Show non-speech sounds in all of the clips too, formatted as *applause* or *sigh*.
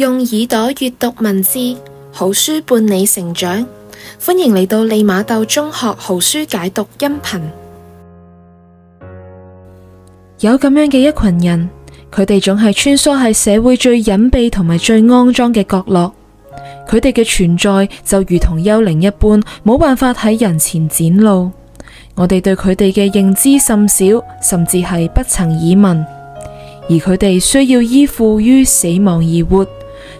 用耳朵閱讀文字，好書伴你成長。歡迎嚟到利馬竇中學好書解讀音頻。有咁樣嘅一群人，佢哋總係穿梭喺社會最隱蔽同埋最骯髒嘅角落，佢哋嘅存在就如同幽靈一般，冇辦法喺人前展露。我哋對佢哋嘅認知甚少，甚至係不曾耳聞。而佢哋需要依附於死亡而活。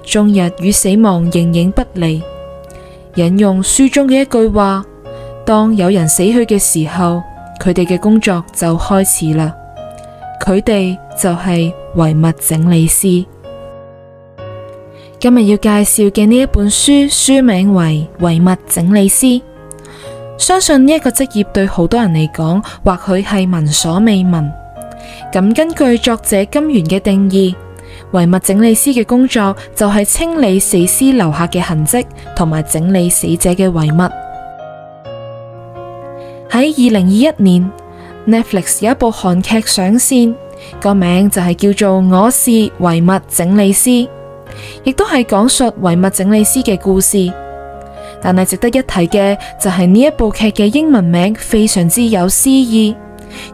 終日與死亡形影不離。引用書中嘅一句話：當有人死去嘅時候，佢哋嘅工作就開始啦。佢哋就係遺物整理師。今日要介紹嘅呢一本書，書名為《遺物整理師》。相信呢一個職業對好多人嚟講，或許係聞所未聞。咁根據作者金完嘅定義。遺物整理師嘅工作就係清理死屍留下嘅痕跡，同埋整理死者嘅遺物。喺二零二一年，Netflix 有一部韓劇上線，個名就係叫做《我是遺物整理師》，亦都係講述遺物整理師嘅故事。但係值得一提嘅就係呢一部劇嘅英文名非常之有詩意，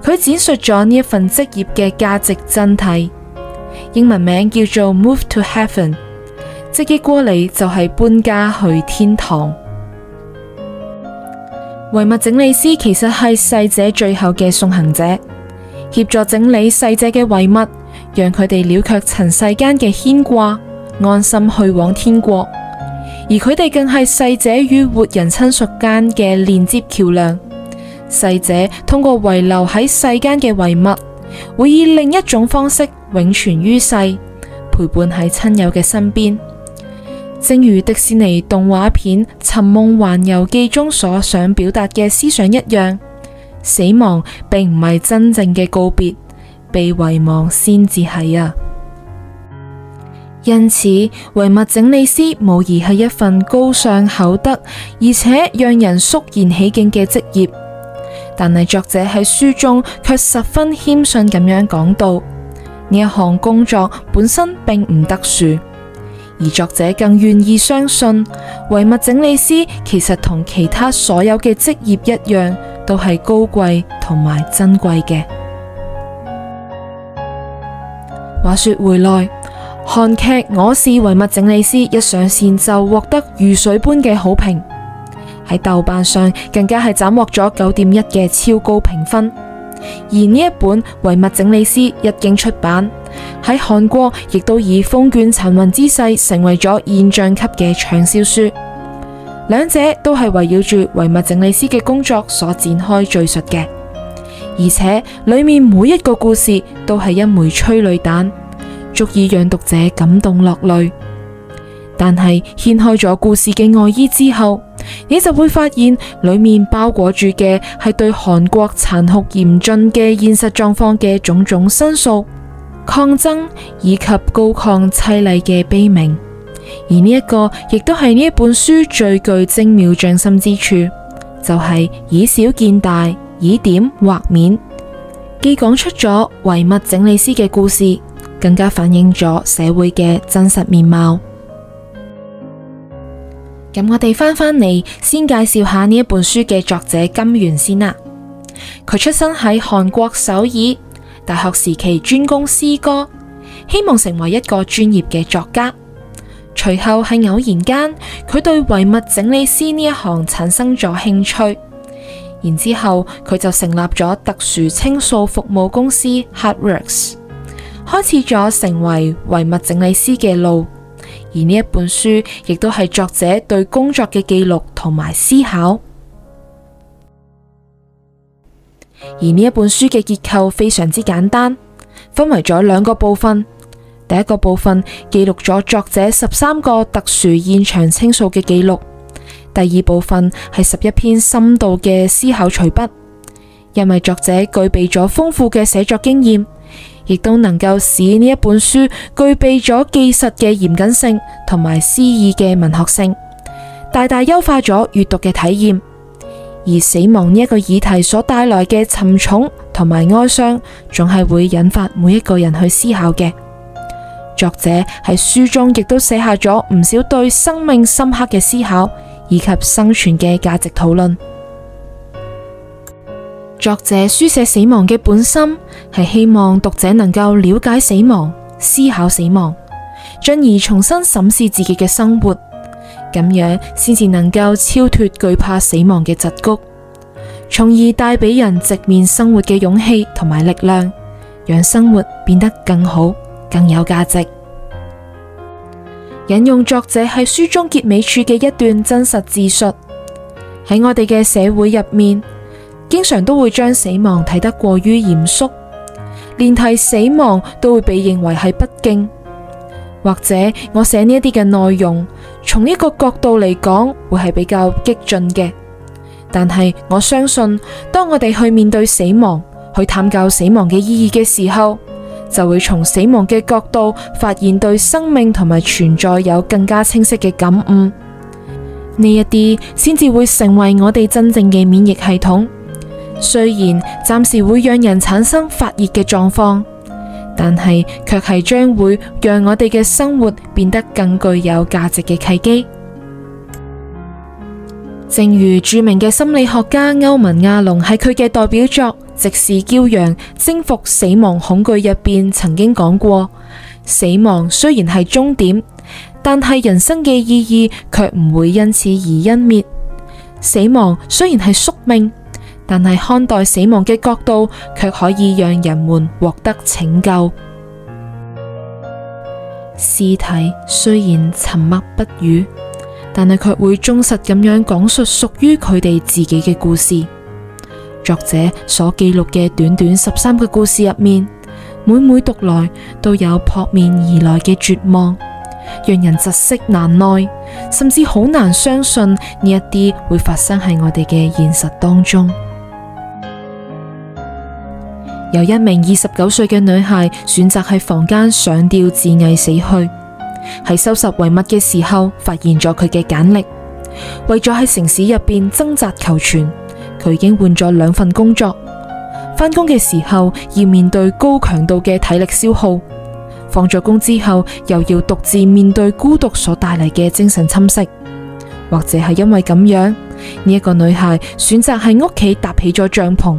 佢展述咗呢一份職業嘅價值真諦。英文名叫做《Move to Heaven》，直譯過嚟，就係搬家去天堂。遺物整理師其實係逝者最後嘅送行者，協助整理逝者嘅遺物，讓佢哋了卻塵世間嘅牽掛，安心去往天國。而佢哋更係逝者與活人親屬間嘅連接橋樑。逝者通過遺留喺世間嘅遺物，會以另一種方式永存於世，陪伴喺親友嘅身邊，正如迪士尼動畫片《尋夢環遊記》中所想表達嘅思想一樣，死亡並唔係真正嘅告別，被遺忘先至係啊。因此，遺物整理師無疑係一份高尚、厚德而且讓人肅然起敬嘅職業。但係作者喺書中卻十分謙遜咁樣講到，呢一項工作本身並唔特殊，而作者更願意相信，遺物整理師其實同其他所有嘅職業一樣，都係高貴同埋珍貴嘅。話說回來，韓劇《我是遺物整理師》一上線就獲得如水般嘅好評。喺豆瓣上更加係斬獲咗九點一嘅超高評分，而呢一本《遺物整理師》一經出版，喺韓國亦都以風捲殘雲之勢成為咗現象級嘅暢銷書。兩者都係圍繞住遺物整理師嘅工作所展開敘述嘅，而且裏面每一個故事都係一枚催淚彈，足以讓讀者感動落淚。但係掀開咗故事嘅外衣之後，你就會發現裏面包裹住嘅係對韓國殘酷嚴峻嘅現實狀況嘅種種申訴、抗爭以及高亢淒厲嘅悲鳴。而呢、這、一個亦都係呢一本書最具精妙匠心之處，就係、是、以小見大，以點畫面，既講出咗遺物整理師嘅故事，更加反映咗社會嘅真實面貌。咁我哋返返嚟，先介紹下呢一本書嘅作者金完先啦。佢出生喺韓國首爾，大學時期專攻詩歌，希望成為一個專業嘅作家。隨後喺偶然間，佢對遺物整理師呢一行產生咗興趣。然之後佢就成立咗特殊清掃服務公司 Hardworks，開始咗成為遺物整理師嘅路。而呢一本書亦都係作者對工作嘅記錄同埋思考。而呢一本書嘅結構非常之簡單，分為咗兩個部分。第一個部分記錄咗作者十三個特殊現場清掃嘅記錄，第二部分係十一篇深度嘅思考隨筆。因為作者具備咗豐富嘅寫作經驗。亦都能夠使呢一本書具備咗紀實嘅嚴謹性同埋詩意嘅文學性，大大優化咗閱讀嘅體驗。而死亡呢一個議題所帶來嘅沉重同埋哀傷，仲係會引發每一個人去思考嘅。作者喺書中亦都寫下咗唔少對生命深刻嘅思考以及生存嘅價值討論。作者書寫死亡嘅本心，係希望讀者能夠了解死亡、思考死亡，進而重新審視自己嘅生活，咁樣先至能夠超脱懼怕死亡嘅窒谷，從而帶俾人直面生活嘅勇氣同埋力量，讓生活變得更好、更有價值。引用作者喺書中結尾處嘅一段真實自述：喺我哋嘅社會入面。經常都會將死亡睇得過於嚴肅，連提死亡都會被認為係不敬。或者我寫呢一啲嘅內容，從呢個角度嚟講，會係比較激進嘅。但係我相信，當我哋去面對死亡，去探究死亡嘅意義嘅時候，就會從死亡嘅角度發現對生命同埋存在有更加清晰嘅感悟。呢一啲先至會成為我哋真正嘅免疫系統。雖然暫時會讓人產生發熱嘅狀況，但係卻係將會讓我哋嘅生活變得更具有價值嘅契機。 *noise* 正如著名嘅心理學家歐文亞隆喺佢嘅代表作《直視驕陽，征服死亡恐懼》入邊曾經講過：死亡雖然係終點，但係人生嘅意義卻唔會因此而湮滅。死亡雖然係宿命。但係看待死亡嘅角度，卻可以讓人們獲得拯救。屍 *noise* 體雖然沉默不語，但係卻會忠實咁樣講述屬於佢哋自己嘅故事。作者所記錄嘅短短十三個故事入面，每每讀來都有撲面而來嘅絕望，讓人窒息難耐，甚至好難相信呢一啲會發生喺我哋嘅現實當中。有一名二十九歲嘅女孩選擇喺房間上吊自縊死去，喺收拾遺物嘅時候發現咗佢嘅簡歷。為咗喺城市入邊掙扎求存，佢已經換咗兩份工作。返工嘅時候要面對高強度嘅體力消耗，放咗工之後又要獨自面對孤獨所帶嚟嘅精神侵蝕，或者係因為咁樣，呢一個女孩選擇喺屋企搭起咗帳篷。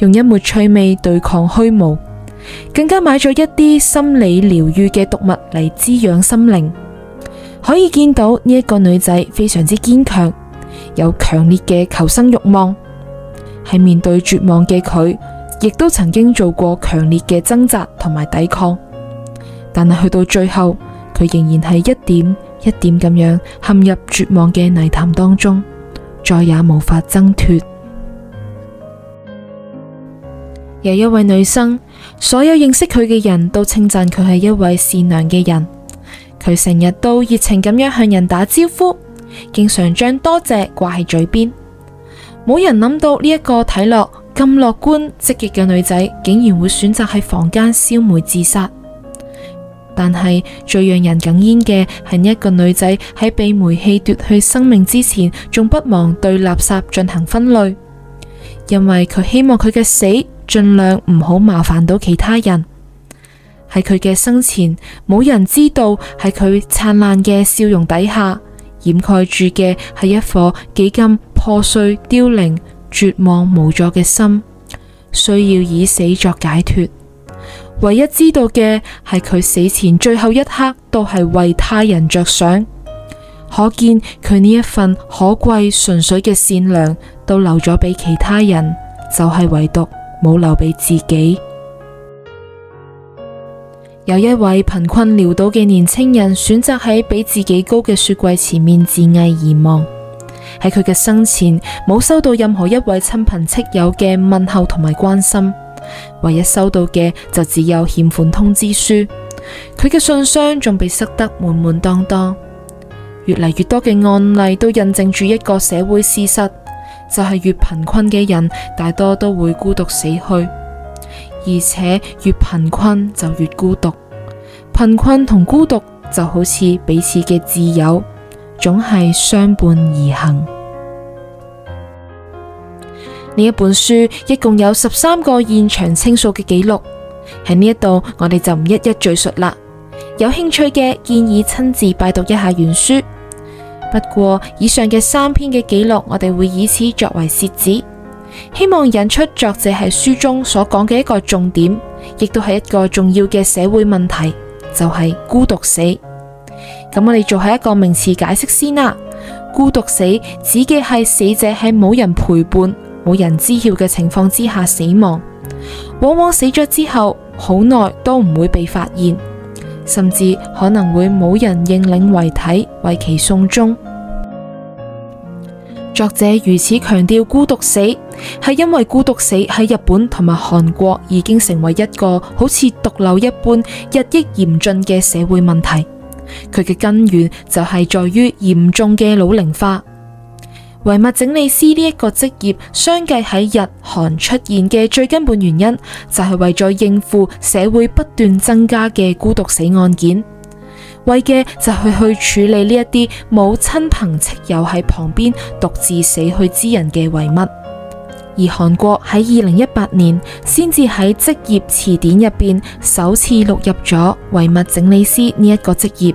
用一抹趣味對抗虛無，更加買咗一啲心理療癒嘅毒物嚟滋養心靈。可以見到呢一個女仔非常之堅強，有強烈嘅求生慾望。係面對絕望嘅佢，亦都曾經做過強烈嘅掙扎同埋抵抗。但係去到最後，佢仍然係一點一點咁樣陷入絕望嘅泥潭當中，再也無法掙脫。有一位女生，所有認識佢嘅人都稱讚佢係一位善良嘅人。佢成日都熱情咁樣向人打招呼，經常將多謝掛喺嘴邊。冇人諗到呢一個睇落咁樂觀積極嘅女仔，竟然會選擇喺房間燒煤自殺。但係最讓人哽咽嘅係一個女仔喺被煤氣奪去生命之前，仲不忘對垃圾進行分類，因為佢希望佢嘅死。盡量唔好麻煩到其他人。喺佢嘅生前，冇人知道，喺佢燦爛嘅笑容底下掩蓋住嘅係一顆幾咁破碎、凋零、絕望、無助嘅心，需要以死作解脫。唯一知道嘅係佢死前最後一刻都係為他人着想，可見佢呢一份可貴、純粹嘅善良都留咗俾其他人，就係唯獨冇留俾自己。有一位貧困潦倒嘅年輕人，選擇喺比自己高嘅雪櫃前面自縊而亡。喺佢嘅生前，冇收到任何一位親朋戚友嘅問候同埋關心，唯一收到嘅就只有欠款通知書。佢嘅信箱仲被塞得滿滿當當。越嚟越多嘅案例都印證住一個社會事實。就係越貧困嘅人，大多都會孤獨死去，而且越貧困就越孤獨。貧困同孤獨就好似彼此嘅摯友，總係相伴而行。呢一本書一共有十三個現場清掃嘅記錄，喺呢一度我哋就唔一一敘述啦。有興趣嘅建議親自拜讀一下原書。不過以上嘅三篇嘅記錄，我哋會以此作為楔子，希望引出作者喺書中所講嘅一個重點，亦都係一個重要嘅社會問題，就係孤獨死。咁我哋做係一個名詞解釋先啦。孤獨死指嘅係死者喺冇人陪伴、冇人知曉嘅情況之下死亡，往往死咗之後好耐都唔會被發現。甚至可能會冇人認領遺體，為其送終。作者如此強調孤獨死，係因為孤獨死喺日本同埋韓國已經成為一個好似毒瘤一般日益嚴峻嘅社會問題。佢嘅根源就係在於嚴重嘅老齡化。遺物整理師呢一個職業相繼喺日韓出現嘅最根本原因，就係為咗應付社會不斷增加嘅孤獨死案件，為嘅就係去處理呢一啲冇親朋戚友喺旁邊獨自死去之人嘅遺物。而韓國喺二零一八年先至喺職業詞典入邊首次錄入咗遺物整理師呢一個職業，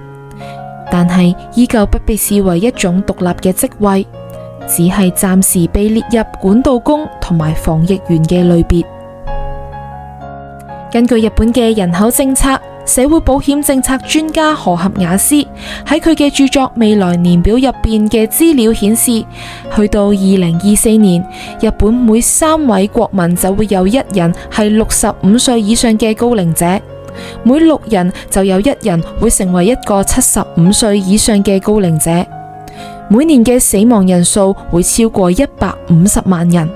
但係依舊不被視為一種獨立嘅職位。只係暫時被列入管道工同埋防疫員嘅類別。根據日本嘅人口政策、社會保險政策專家河合雅司喺佢嘅著作《未來年表》入邊嘅資料顯示，去到二零二四年，日本每三位國民就會有一人係六十五歲以上嘅高齡者，每六人就有一人會成為一個七十五歲以上嘅高齡者。每年嘅死亡人數會超過一百五十萬人，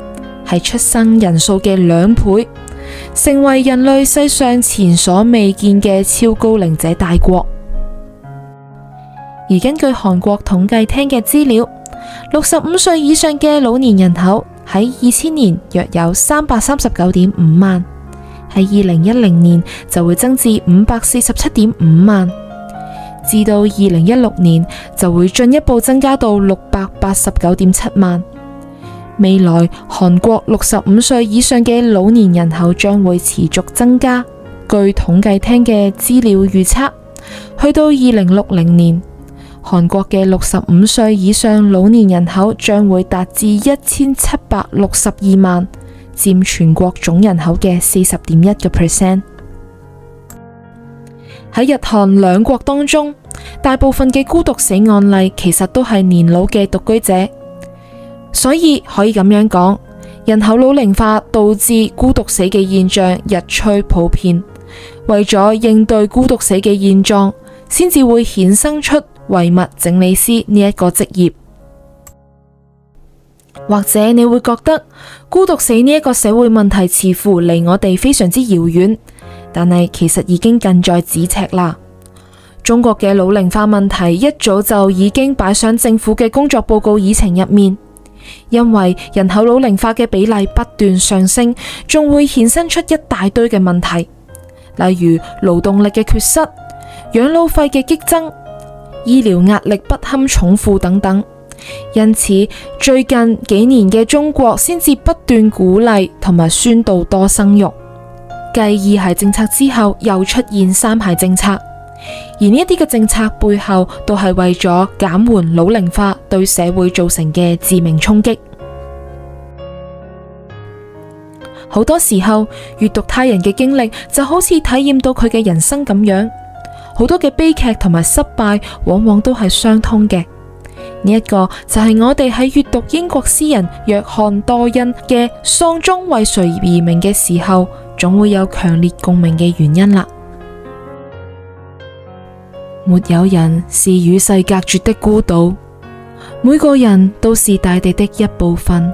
係出生人數嘅兩倍，成為人類世上前所未見嘅超高齡者大國。而根據韓國統計廳嘅資料，六十五歲以上嘅老年人口喺二千年約有三百三十九點五萬，喺二零一零年就會增至五百四十七點五萬。至到二零一六年就會進一步增加到六百八十九點七萬。未來韓國六十五歲以上嘅老年人口將會持續增加。據統計廳嘅資料預測，去到二零六零年，韓國嘅六十五歲以上老年人口將會達至一千七百六十二萬，佔全國總人口嘅四十點一個 percent。喺日韓兩國當中，大部分嘅孤獨死案例其實都係年老嘅獨居者，所以可以咁樣講，人口老齡化導致孤獨死嘅現象日趨普遍。為咗應對孤獨死嘅現狀，先至會衍生出遺物整理師呢一個職業。或者你會覺得，孤獨死呢一個社會問題似乎離我哋非常之遙遠。但係其實已經近在咫尺啦。中國嘅老齡化問題一早就已經擺上政府嘅工作報告議程入面，因為人口老齡化嘅比例不斷上升，仲會衍生出一大堆嘅問題，例如勞動力嘅缺失、養老費嘅激增、醫療壓力不堪重負等等。因此，最近幾年嘅中國先至不斷鼓勵同埋宣導多生育。繼二孩政策之後，又出現三孩政策，而呢一啲嘅政策背後都係為咗減緩老齡化對社會造成嘅致命衝擊。好 *noise* 多時候閱讀他人嘅經歷，就好似體驗到佢嘅人生咁樣，好多嘅悲劇同埋失敗往往都係相通嘅。呢一個就係我哋喺閱讀英國詩人約翰多恩嘅《喪鐘為誰而鳴》嘅時候，總會有強烈共鳴嘅原因啦。沒有人是與世隔絕的孤島，每個人都是大地的一部分。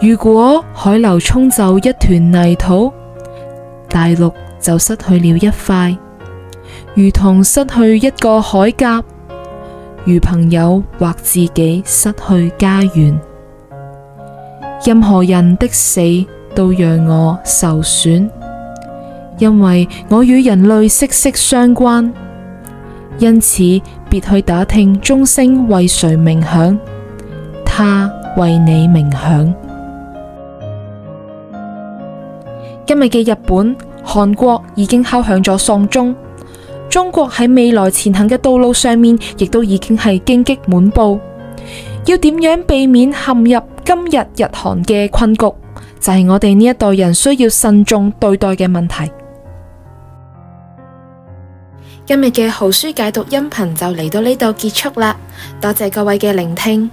如果海流衝走一團泥土，大陸就失去了一塊，如同失去一個海岬，如朋友或自己失去家園。任何人的死，都讓我受損，因為我與人類息息相關，因此別去打聽鐘聲為誰鳴響，它為你鳴響。今日嘅日本、韓國已經敲響咗喪鐘，中國喺未來前行嘅道路上面，亦都已經係荊棘滿布，要點樣避免陷入今日日韓嘅困局？就係我哋呢一代人需要慎重對待嘅問題。今日嘅好書解讀音頻就嚟到呢度結束啦，多謝各位嘅聆聽。